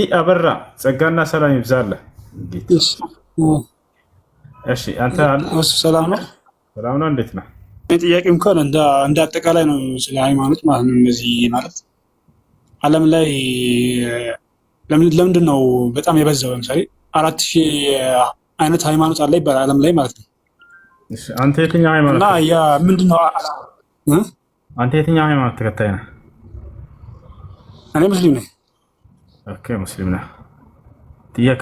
ኢ አበራ ጸጋና ሰላም ይብዛለ። እሺ አንተ ሰላም ነው? ሰላም ነው። እንዴት ነው? ጥያቄ እንኳን እንደ አጠቃላይ ነው፣ ስለ ሃይማኖት ማለት ነው። እነዚህ ማለት ዓለም ላይ ለምንድን ነው በጣም የበዛው? ለምሳሌ አራት ሺህ አይነት ሃይማኖት አለ ይባላል ዓለም ላይ ማለት ነው። አንተ የትኛው ሃይማኖት እና ያ ምንድን ነው? አንተ የትኛው ሃይማኖት ተከታይ ነህ? እኔ ሙስሊም ነኝ። ሙስሊም ነህ? ከጥያቄ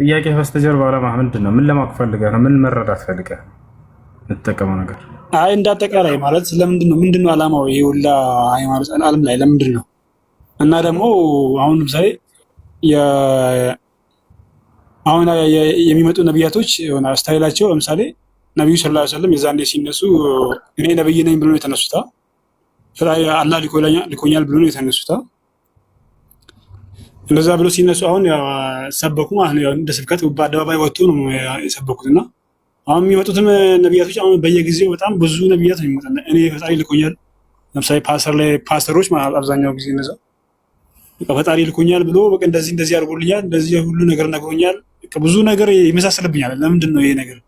ከጥያቄ በስተጀርባ ዓላማ ምንድን ነው? ምን ለማወቅ ፈልገህ ነው? ምን መረዳት ፈልገህ የምትጠቀመው ነገር? አይ እንዳጠቃላይ ማለት ለምንድን ነው ምንድን ነው ዓላማው ይሄ ሁላ ሃይማኖት ዓለም ላይ ለምንድን ነው? እና ደግሞ አሁን ለምሳሌ አሁን የሚመጡ ነቢያቶች የሆነ ስታይላቸው ለምሳሌ ነቢዩ ስላ ስለም የዛኔ ሲነሱ እኔ ነብይ ነኝ ብሎ የተነሱታ ስራ አላህ ልኮኛል ብሎ ነው የተነሱት። እንደዛ ብሎ ሲነሱ አሁን ሰበኩ እንደ ስብከት በአደባባይ ወጥቶ ነው የሰበኩት። እና አሁን የሚመጡትም ነቢያቶች አሁን በየጊዜው በጣም ብዙ ነቢያት ነው የሚመጣ። እኔ ፈጣሪ ልኮኛል፣ ለምሳሌ ፓስተር ላይ ፓስተሮች አብዛኛው ጊዜ እነዛ ፈጣሪ ልኮኛል ብሎ በቃ እንደዚህ እንደዚህ አድርጎልኛል፣ እንደዚህ ሁሉ ነገር ነግሮኛል፣ ብዙ ነገር ይመሳሰልብኛል። ለምንድን ነው ይሄ ነገር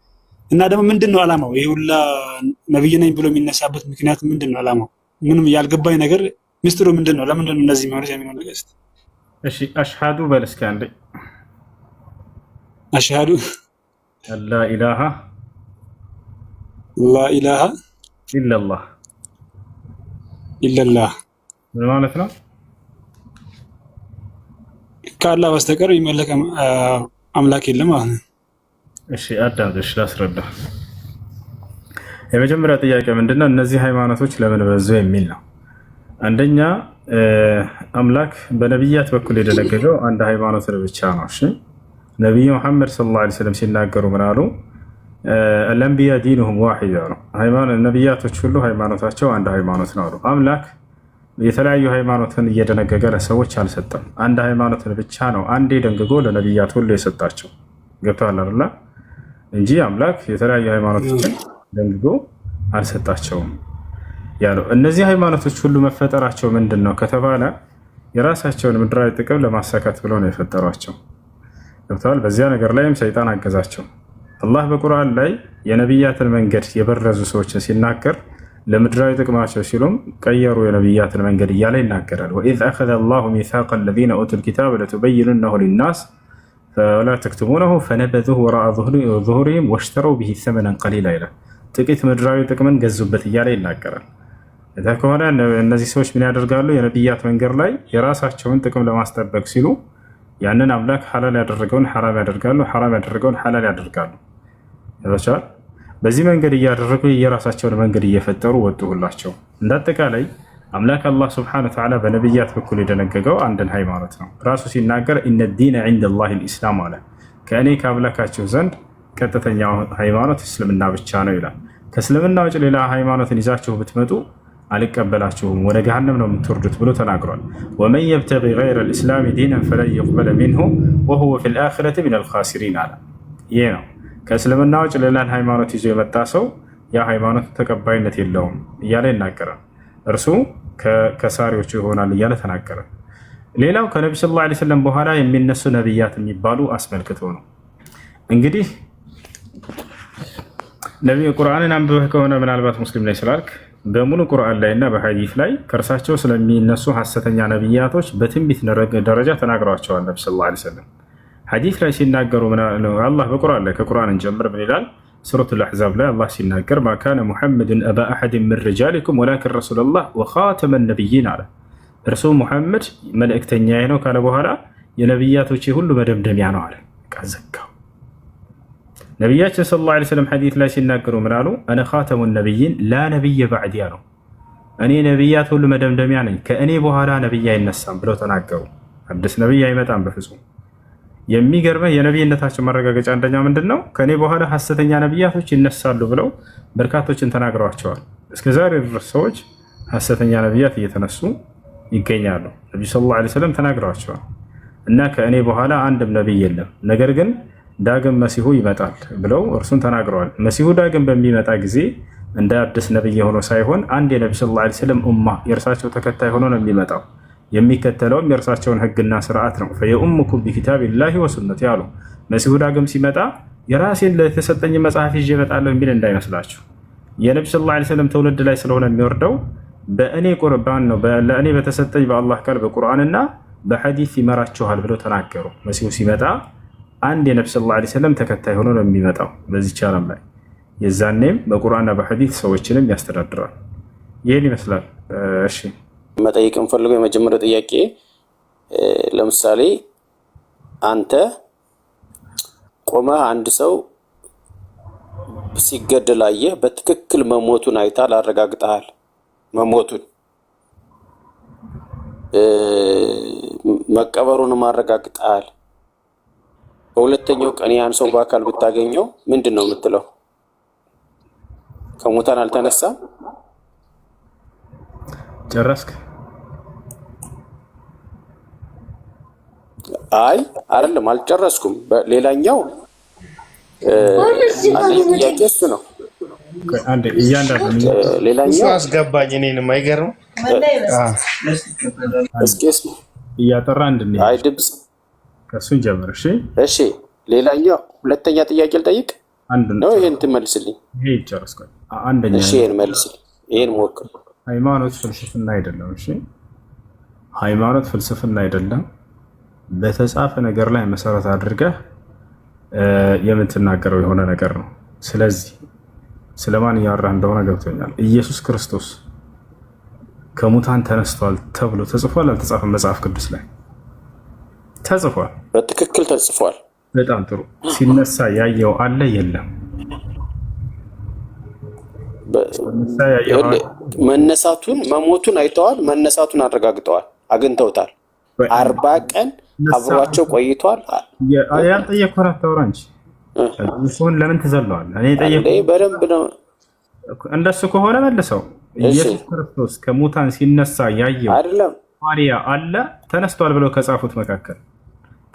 እና ደግሞ ምንድን ነው አላማው? ይሄ ሁላ ነኝ ብሎ የሚነሳበት ምክንያት ምንድን ነው አላማው? ምንም ያልገባኝ ነገር ሚስጥሩ ምንድን ነው? ለምንድን ነው እነዚህ የሚሆኑት የሚሆን ነገር እስኪ እሺ፣ አሽሃዱ በል እስኪ አንዴ። አሽሃዱ አላ ኢላሃ ላ ኢላሃ ኢለላህ ኢለላህ ማለት ነው። ከአላህ በስተቀር የሚመለክ አምላክ የለም ማለት ነው። እሺ፣ አዳምጥ። እሺ፣ ላስረዳ የመጀመሪያ ጥያቄ ምንድነው? እነዚህ ሃይማኖቶች ለምን በዙ የሚል ነው። አንደኛ አምላክ በነቢያት በኩል የደነገገው አንድ ሃይማኖት ብቻ ነው። እሺ ነቢዩ መሐመድ ሰለላሁ ዓለይሂ ወሰለም ሲናገሩ ምን አሉ? አልአንቢያ ዲኑሁም ዋሂድ ነው። ነቢያቶች ሁሉ ሃይማኖታቸው አንድ ሃይማኖት ነው አሉ። አምላክ የተለያዩ ሃይማኖትን እየደነገገ ለሰዎች አልሰጠም። አንድ ሃይማኖትን ብቻ ነው አንዴ ደንግጎ ለነቢያት ሁሉ የሰጣቸው ገብተዋል አይደል? እንጂ አምላክ የተለያዩ ሃይማኖቶችን ደንግጎ አልሰጣቸውም ያለው። እነዚህ ሃይማኖቶች ሁሉ መፈጠራቸው ምንድን ነው ከተባለ የራሳቸውን ምድራዊ ጥቅም ለማሳካት ብለው ነው የፈጠሯቸው። ገብተዋል። በዚያ ነገር ላይም ሰይጣን አገዛቸው። አላህ በቁርአን ላይ የነቢያትን መንገድ የበረዙ ሰዎችን ሲናገር ለምድራዊ ጥቅማቸው ሲሉም ቀየሩ የነቢያትን መንገድ እያለ ይናገራል። ወኢዝ አኸዘ አላሁ ሚሳቀ አለዚነ ኡቱል ኪታብ ለቱበይኑነሁ ሊናስ ወላ ተክትሙነሁ ፈነበዙሁ ወራአ ዙሁሪሂም ወሽተረው ብሂ ሰመነን ቀሊላ ይላል። ጥቂት ምድራዊ ጥቅምን ገዙበት እያለ ይናገራል። እዚያ ከሆነ እነዚህ ሰዎች ምን ያደርጋሉ? የነቢያት መንገድ ላይ የራሳቸውን ጥቅም ለማስጠበቅ ሲሉ ያንን አምላክ ሐላል ያደረገውን ሐራም ያደርጋሉ፣ ሐራም ያደረገውን ሐላል ያደርጋሉ። በዚህ መንገድ እያደረጉ የራሳቸውን መንገድ እየፈጠሩ ወጡ። ሁላቸው እንዳጠቃላይ አምላክ አላህ ስብሐነ ወተዓላ በነቢያት በኩል የደነገገው አንድን ሃይማኖት ነው። ራሱ ሲናገር ኢነ ዲነ ዒንደላሂ ልኢስላም አለ። ከእኔ ከአምላካቸው ዘንድ ቀጥተኛው ሃይማኖት እስልምና ብቻ ነው ይላል። ከእስልምና ውጭ ሌላ ሃይማኖትን ይዛችሁ ብትመጡ አልቀበላችሁም፣ ወደ ገሃነም ነው የምትወርዱት ብሎ ተናግሯል። ወመን የብተቂ ገይረ ልእስላሚ ዲነን ፈለን ይቅበለ ሚንሁ ወሁወ ፊ ልአክረት ምን አልካሲሪን አለ። ይህ ነው ከእስልምና ውጭ ሌላን ሃይማኖት ይዞ የመጣ ሰው ያ ሃይማኖት ተቀባይነት የለውም እያለ ይናገረ፣ እርሱ ከሳሪዎቹ ይሆናል እያለ ተናገረ። ሌላው ከነቢ ስ ላ ሰለም በኋላ የሚነሱ ነቢያት የሚባሉ አስመልክቶ ነው እንግዲህ ነቢዩ ቁርአንን አንብበህ ከሆነ ምናልባት ሙስሊም ላይ ስላልክ በሙሉ ቁርአን ላይ እና በሐዲፍ ላይ ከእርሳቸው ስለሚነሱ ሐሰተኛ ነቢያቶች በትንቢት ደረጃ ተናግረዋቸዋል። ነቢ ስ ላ ሰለም ሐዲፍ ላይ ሲናገሩ አላህ በቁርአን ላይ ከቁርአን እንጀምር ምን ይላል? ሱረት ልአሕዛብ ላይ አላህ ሲናገር ማካነ ሙሐመድን አባ አሐድን ምን ሪጃሊኩም ወላኪን ረሱላላህ ወኻተመ ነቢይን አለ። እርሱ ሙሐመድ መልእክተኛዬ ነው ካለ በኋላ የነቢያቶቼ ሁሉ መደምደሚያ ነው አለ። ዘጋው። ነቢያችን ሰለላሁ ዐለይሂ ወሰለም ሐዲት ላይ ሲናገሩ ምን አሉ? አነ ኻተሙ ነቢይን ላ ነቢየ ባዕዲ ነው። እኔ ነቢያት ሁሉ መደምደሚያ ነኝ፣ ከእኔ በኋላ ነቢይ አይነሳም ብለው ተናገሩ። አዲስ ነቢይ አይመጣም በፍጹም። የሚገርመ የነቢይነታቸው ማረጋገጫ አንደኛ ምንድን ነው? ከእኔ በኋላ ሐሰተኛ ነቢያቶች ይነሳሉ ብለው በርካቶችን ተናግረዋቸዋል። እስከዛሬ ድረስ ሰዎች ሐሰተኛ ነቢያት እየተነሱ ይገኛሉ። ነቢዩ ሰለላሁ ዐለይሂ ወሰለም ተናግረዋቸዋል እና ከእኔ በኋላ አንድም ነቢይ የለም ነገር ግን ዳግም መሲሁ ይመጣል ብለው እርሱን ተናግረዋል። መሲሁ ዳግም በሚመጣ ጊዜ እንደ አዲስ ነብይ ሆኖ ሳይሆን አንድ የነቢ ስ ላ ስለም ኡማ የእርሳቸው ተከታይ ሆኖ ነው የሚመጣው። የሚከተለውም የእርሳቸውን ህግና ስርዓት ነው። ፈየኡምኩም ቢኪታቢላሂ ወሱነት ያሉ መሲሁ ዳግም ሲመጣ የራሴን ለተሰጠኝ መጽሐፍ ይዤ እመጣለሁ የሚል እንዳይመስላችሁ። የነቢ ስ ላ ስለም ትውልድ ላይ ስለሆነ የሚወርደው በእኔ ቁርባን ነው፣ ለእኔ በተሰጠኝ በአላህ ቃል በቁርአንና በሐዲስ ይመራችኋል ብለው ተናገሩ። መሲሁ ሲመጣ አንድ የነብ ስ ላ ሰለም ተከታይ ሆኖ ነው የሚመጣው በዚች ቻለም ላይ። የዛኔም በቁርአንና በሐዲት ሰዎችንም ያስተዳድራል። ይህን ይመስላል። እሺ መጠየቅ የምፈልገው የመጀመሪያው ጥያቄ ለምሳሌ አንተ ቆመህ አንድ ሰው ሲገደል አየህ፣ በትክክል መሞቱን አይታል፣ አረጋግጠሃል መሞቱን መቀበሩንም አረጋግጠሃል በሁለተኛው ቀን ያን ሰው በአካል ብታገኘው ምንድን ነው የምትለው? ከሙታን አልተነሳም? ጨረስክ? አይ አይደለም፣ አልጨረስኩም። ሌላኛው ጥያቄ እሱ ነው። ሌላኛው አስገባኝ እኔንም አይገርም። እስኪ እያጠራ እንድንሄድ አይ ድምፅ እሱን ጀምር። እሺ፣ እሺ። ሌላኛው ሁለተኛ ጥያቄ ልጠይቅ ነው፣ ይህን ትመልስልኝ። ይሄ ይጨርስ። አንደኛ ይህን መልስልኝ። ይህን ሞክር። ሃይማኖት ፍልስፍና አይደለም። እሺ፣ ሃይማኖት ፍልስፍና አይደለም። በተጻፈ ነገር ላይ መሰረት አድርገህ የምትናገረው የሆነ ነገር ነው። ስለዚህ ስለማን እያወራህ እንደሆነ ገብቶኛል። ኢየሱስ ክርስቶስ ከሙታን ተነስቷል ተብሎ ተጽፏል አልተጻፈም መጽሐፍ ቅዱስ ላይ? ተጽፏል። በትክክል ተጽፏል። በጣም ጥሩ። ሲነሳ ያየው አለ የለም? መነሳቱን መሞቱን አይተዋል። መነሳቱን አረጋግጠዋል፣ አግኝተውታል። አርባ ቀን አብሯቸው ቆይቷል። ያልጠየኩህ አታውራ እንጂ ለምን ትዘለዋለህ? እኔ በደንብ ነው። እንደሱ ከሆነ መልሰው ኢየሱስ ክርስቶስ ከሙታን ሲነሳ ያየው አይደለም አለ ተነስቷል ብለው ከጻፉት መካከል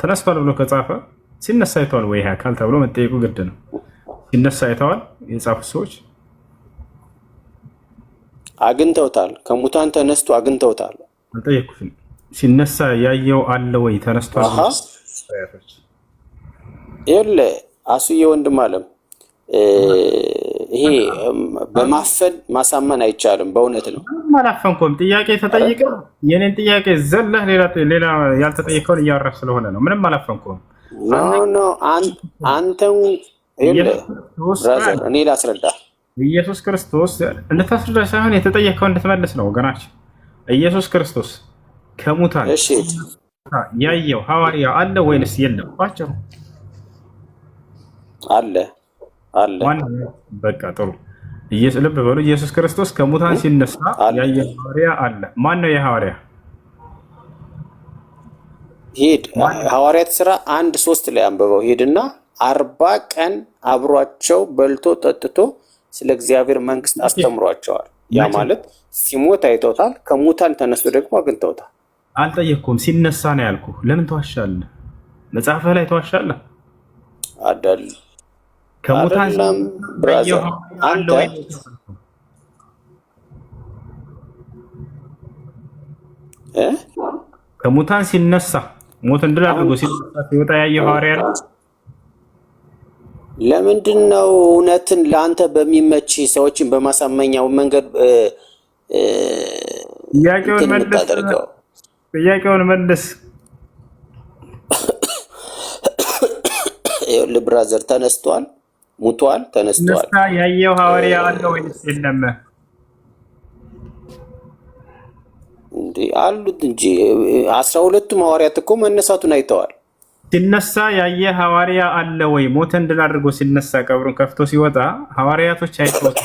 ተነስቷል ብሎ ከጻፈ ሲነሳ አይተዋል ወይ ይህ አካል ተብሎ መጠየቁ ግድ ነው። ሲነሳ አይተዋል የጻፉ ሰዎች አግኝተውታል። ከሙታን ተነስቶ አግኝተውታል። አልጠየኩትም። ሲነሳ ያየው አለ ወይ ተነስቷል? የለ አሱዬ ወንድም አለም ይሄ በማፈን ማሳመን አይቻልም። በእውነት ነው አላፈንኩም። ጥያቄ ተጠይቀ የኔን ጥያቄ ዘለህ ሌላ ሌላ ያልተጠየቀውን እያወራህ ስለሆነ ነው። ምንም አላፈንኩም። አንተው እኔ ላስረዳ። ኢየሱስ ክርስቶስ እንድታስረዳ ሳይሆን የተጠየቀው እንድትመልስ ነው ወገናችን። ኢየሱስ ክርስቶስ ከሙታን ያየው ሐዋርያ አለ ወይንስ የለም? ባጭሩ አለ አለ። በቃ ጥሩ ልብ በሉ ኢየሱስ ክርስቶስ ከሙታን ሲነሳ ያየ ሐዋርያ አለ። ማን ነው የሐዋርያ? ሂድ ሐዋርያት ስራ አንድ ሶስት ላይ አንብበው ሂድና አርባ ቀን አብሯቸው በልቶ ጠጥቶ ስለ እግዚአብሔር መንግስት አስተምሯቸዋል። ያ ማለት ሲሞት አይተውታል፣ ከሙታን ተነስቶ ደግሞ አግኝተውታል። አልጠየቅኩም። ሲነሳ ነው ያልኩ። ለምን ተዋሻለ? መጽሐፍህ ላይ ተዋሻለ አዳል ከሙታን ከሙታን ሲነሳ ሞትን ድል አድርጎ ሲነሳ ሲወጣ ያየ ሐዋርያ ለምንድን ነው እውነትን ለአንተ በሚመች ሰዎችን በማሳመኛው መንገድ ጥያቄውን መልስ። ይኸውልህ ብራዘር ተነስቷል። ሙቷል፣ ተነስተዋል። ያየው ሐዋርያ አለ ወይስ የለም? አሉት እንጂ አስራ ሁለቱም ሐዋርያት እኮ መነሳቱን አይተዋል። ሲነሳ ያየ ሐዋርያ አለ ወይ? ሞተ ድል አድርጎ ሲነሳ ቀብሩን ከፍቶ ሲወጣ ሐዋርያቶች አይተውት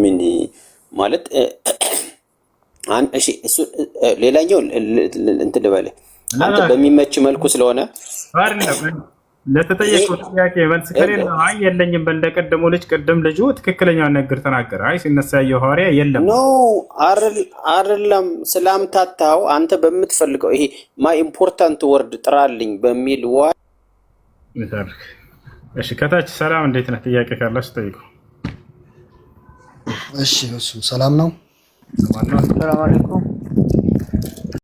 ምን ማለት ሌላኛው እንትን ልበልህ አንተ በሚመች መልኩ ስለሆነ ለተጠየቀው ጥያቄ መልስ ከሌለ አይ የለኝም በል እንደቀደመው ልጅ ቅድም ልጁ ትክክለኛውን ነገር ተናገረ። አይ ሲነሳ ያየው ሐዋርያ የለም ኖ አይደለም ስላምታታው አንተ በምትፈልገው ይሄ ማይ ኢምፖርታንት ወርድ ጥራልኝ በሚል ዋ እሺ፣ ከታች ሰላም እንዴት ነህ? ጥያቄ ካላችሁ ጠይቁ። እሺ፣ እሱ ሰላም ነው። ሰላም አለይኩም